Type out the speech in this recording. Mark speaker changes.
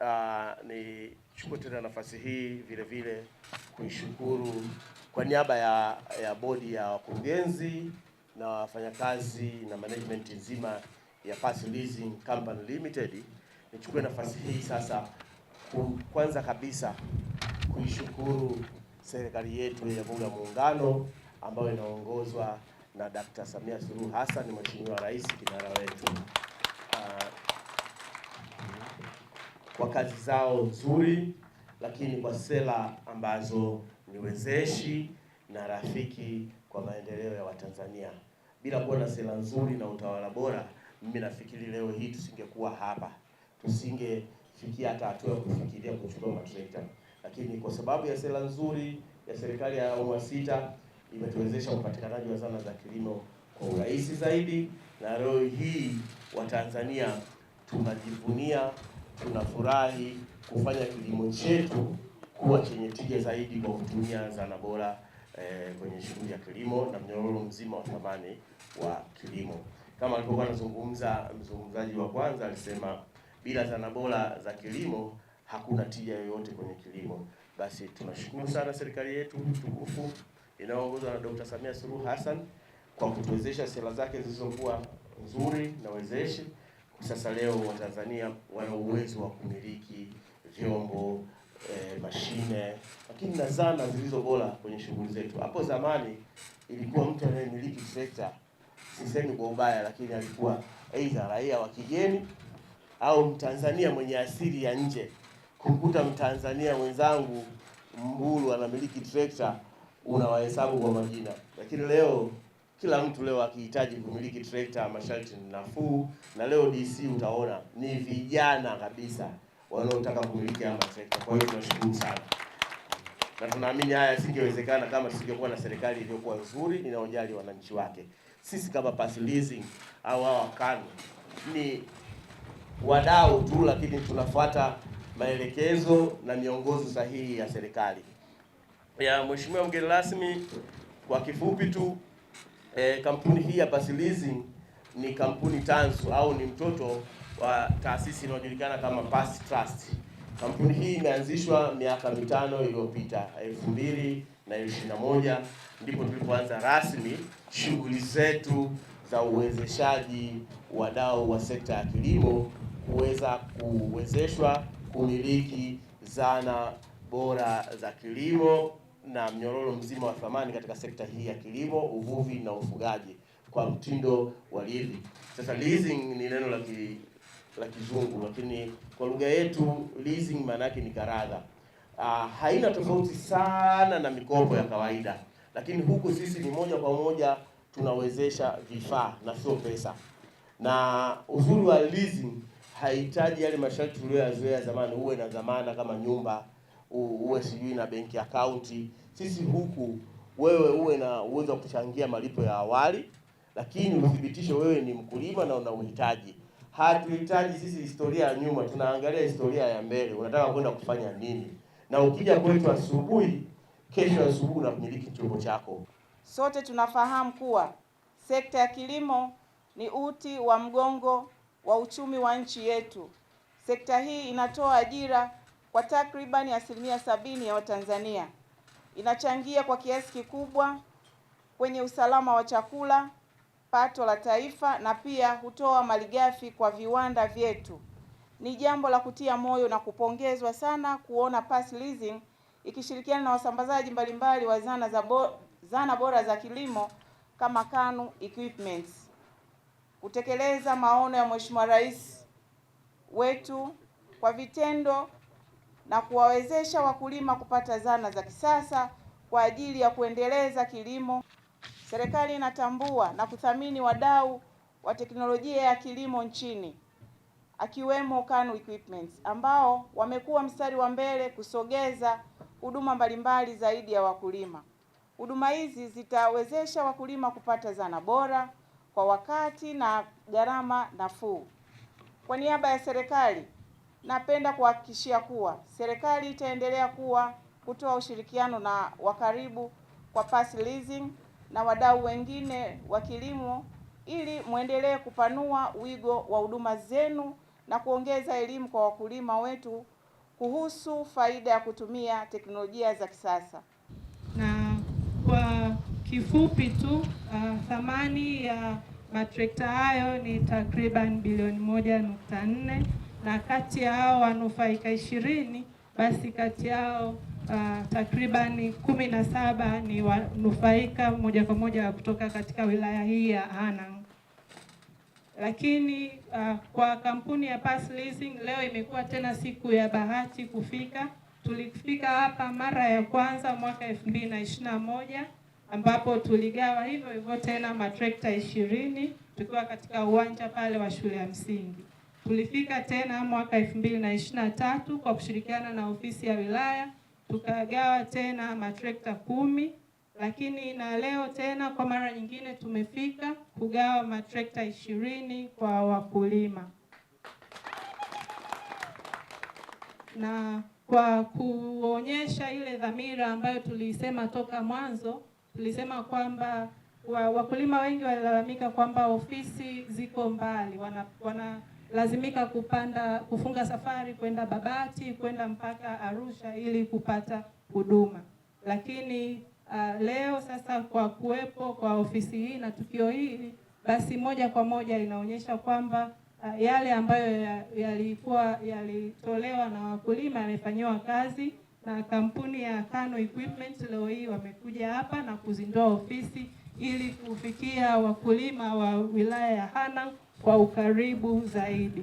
Speaker 1: uh, ah, chukua tena nafasi hii vile vile kuishukuru kwa niaba ya, ya bodi ya wakurugenzi na wafanyakazi na management nzima ya Pass Leasing Company Limited. Nichukue nafasi hii sasa kwanza kabisa kuishukuru serikali yetu ya Jamhuri ya Muungano ambayo inaongozwa na Dkt. Samia Suluhu Hassan, Mheshimiwa Rais, kinara wetu. kwa kazi zao nzuri, lakini kwa sera ambazo ni wezeshi na rafiki kwa maendeleo ya Watanzania. Bila kuwa na sera nzuri na utawala bora, mimi nafikiri leo hii tusingekuwa hapa, tusingefikia hata hatua ya kufikiria kuchukua matrekta, lakini kwa sababu ya sera nzuri ya serikali ya awamu ya sita imetuwezesha upatikanaji wa zana za kilimo kwa urahisi zaidi, na leo hii Watanzania tunajivunia tunafurahi kufanya kilimo chetu kuwa chenye tija zaidi kwa kutumia zana bora e, kwenye shughuli ya kilimo na mnyororo mzima wa thamani wa kilimo. Kama alipokuwa anazungumza mzungumzaji wa kwanza, alisema bila zana bora za kilimo hakuna tija yoyote kwenye kilimo. Basi tunashukuru sana serikali yetu tukufu inayoongozwa na Dr. Samia Suluhu Hassan kwa kutuwezesha sera zake zilizokuwa nzuri na wezeshi sasa leo Watanzania wana uwezo wa kumiliki vyombo e, mashine lakini na zana zilizo bora kwenye shughuli zetu. Hapo zamani ilikuwa mtu anayemiliki trekta, sisemi kwa ubaya, lakini alikuwa aidha raia wa kigeni au Mtanzania mwenye asili ya nje. Kumkuta Mtanzania mwenzangu Mbulu anamiliki trekta unawahesabu kwa majina, lakini leo kila mtu leo akihitaji kumiliki trekta, masharti ni nafuu, na leo DC utaona ni vijana kabisa wanaotaka kumiliki haya matrekta. Kwa hiyo tunashukuru sana na tunaamini haya singewezekana kama tusingekuwa na serikali iliyokuwa nzuri inayojali wananchi wake. Sisi kama Pass Leasing au hawa KANU ni wadau tu, lakini tunafuata maelekezo na miongozo sahihi ya serikali. Ya Mheshimiwa mgeni rasmi, kwa kifupi tu E, kampuni hii ya Bus Leasing ni kampuni tanzu au ni mtoto wa taasisi inayojulikana kama Bus Trust. Kampuni hii imeanzishwa miaka mitano iliyopita, elfu na na moja ndipo tulipoanza rasmi shughuli zetu za uwezeshaji wadau wa sekta ya kilimo kuweza kuwezeshwa kumiliki zana bora za kilimo na mnyororo mzima wa thamani katika sekta hii ya kilimo, uvuvi na ufugaji kwa mtindo wa leasing. Sasa leasing ni neno la la Kizungu, lakini kwa lugha yetu leasing maana yake ni karadha. Ah, haina tofauti sana na mikopo ya kawaida, lakini huku sisi ni moja kwa moja tunawezesha vifaa na sio pesa, na uzuri wa leasing haihitaji yale masharti tuliyoyazoea zamani, uwe na dhamana kama nyumba uwe sijui na benki akaunti Sisi huku wewe uwe na uwezo wa kuchangia malipo ya awali, lakini uthibitishe wewe ni mkulima na una uhitaji. Hatuhitaji sisi historia ya nyuma, tunaangalia historia ya mbele. Unataka kwenda kufanya nini? Na ukija kwetu asubuhi, kesho asubuhi unamiliki chombo chako.
Speaker 2: Sote tunafahamu kuwa sekta ya kilimo ni uti wa mgongo wa uchumi wa nchi yetu. Sekta hii inatoa ajira kwa takribani asilimia sabini ya Watanzania, inachangia kwa kiasi kikubwa kwenye usalama wa chakula, pato la taifa na pia hutoa malighafi kwa viwanda vyetu. Ni jambo la kutia moyo na kupongezwa sana kuona Pass Leasing ikishirikiana na wasambazaji mbalimbali wa zana za bo, zana bora za kilimo kama KANU Equipments kutekeleza maono ya Mheshimiwa Rais wetu kwa vitendo na kuwawezesha wakulima kupata zana za kisasa kwa ajili ya kuendeleza kilimo. Serikali inatambua na kuthamini wadau wa teknolojia ya kilimo nchini akiwemo KANU Equipment ambao wamekuwa mstari wa mbele kusogeza huduma mbalimbali zaidi ya wakulima. Huduma hizi zitawezesha wakulima kupata zana bora kwa wakati na gharama nafuu. Kwa niaba ya serikali napenda kuhakikishia kuwa serikali itaendelea kuwa kutoa ushirikiano na wa karibu kwa Pass Leasing na wadau wengine wa kilimo ili muendelee kupanua wigo wa huduma zenu na kuongeza elimu kwa wakulima wetu kuhusu faida ya kutumia teknolojia za kisasa.
Speaker 3: Na kwa kifupi tu uh, thamani ya matrekta hayo ni takriban bilioni moja nukta nne na kati ya hao wanufaika ishirini basi kati yao uh, takribani kumi na saba ni wanufaika moja kwa moja kutoka katika wilaya hii ya Hanang. Lakini uh, kwa kampuni ya Pass Leasing leo imekuwa tena siku ya bahati kufika. Tulifika hapa mara ya kwanza mwaka elfu mbili na ishirini na moja ambapo tuligawa hivyo hivyo tena matrekta ishirini tukiwa katika uwanja pale wa shule ya msingi. Tulifika tena mwaka elfu mbili na ishirini na tatu kwa kushirikiana na ofisi ya wilaya tukagawa tena matrekta kumi, lakini na leo tena kwa mara nyingine tumefika kugawa matrekta ishirini kwa wakulima na kwa kuonyesha ile dhamira ambayo tulisema toka mwanzo, tulisema kwamba wakulima wengi walilalamika kwamba ofisi ziko mbali, wana, wana lazimika kupanda kufunga safari kwenda Babati kwenda mpaka Arusha ili kupata huduma. Lakini uh, leo sasa kwa kuwepo kwa ofisi hii na tukio hili, basi moja kwa moja inaonyesha kwamba uh, yale ambayo yalikuwa yalitolewa na wakulima yamefanyiwa kazi na kampuni ya Kano Equipment. Leo hii wamekuja hapa na kuzindua ofisi ili kufikia wakulima wa wilaya ya Hanang kwa ukaribu zaidi.